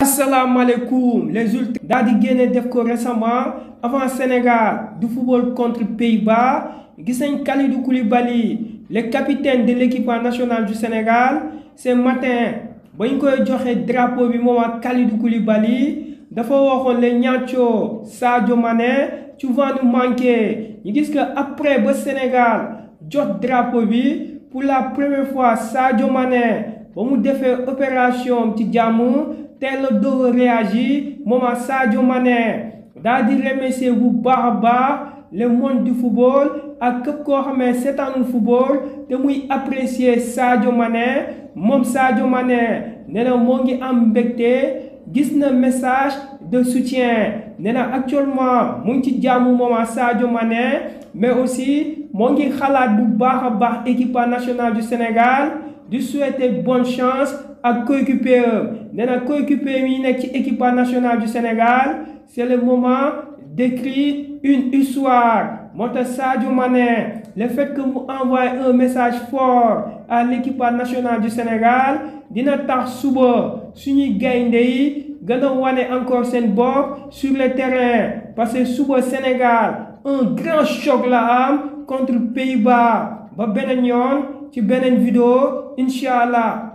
asalaamaaleykum les ultras daal di génne def ko récemment avant Sénégal du football contre pays ba gis nañ Kalidou Koulibaly le capitaine de l' équipe nationale du Sénégal ce matin ba ñu koy joxe drapeau bi moom ak Kalidou Koulibaly dafa waxoon le ñaacoo Sadio Mané tu vas nous manquer ñu gis que après ba Sénégal jot drapo bi pour la première fois Sadio Mané ba mu defee opération ci jàmm. teel a dóor a réagir mooma Sadio Mané daal di remercier bu baax a baax le monde du football ak képp koo xamee seetaanul football te muy apprécier Sadio Mané moom Sadio Mané nee na moo ngi am mbégte gis na message de soutien n'est actuellement mon petit diamou moma Sadio Mané mais aussi mon ngi à équipe nationale du Sénégal du souhaiter bonne chance à coéquipier nee na coéquipier une équipe nationale du Sénégal c'est le moment d'écrire une histoire monte Sadio Mané le fait que vous envoyez un message fort à l'équipe nationale du Sénégal dina tax suba suñu gaynde yi gën wane encore seen bopp sur le terrain parce que le Sénégal un grand choc la am contre Pays-Bas ba beneen yoon ci beneen vidéo incha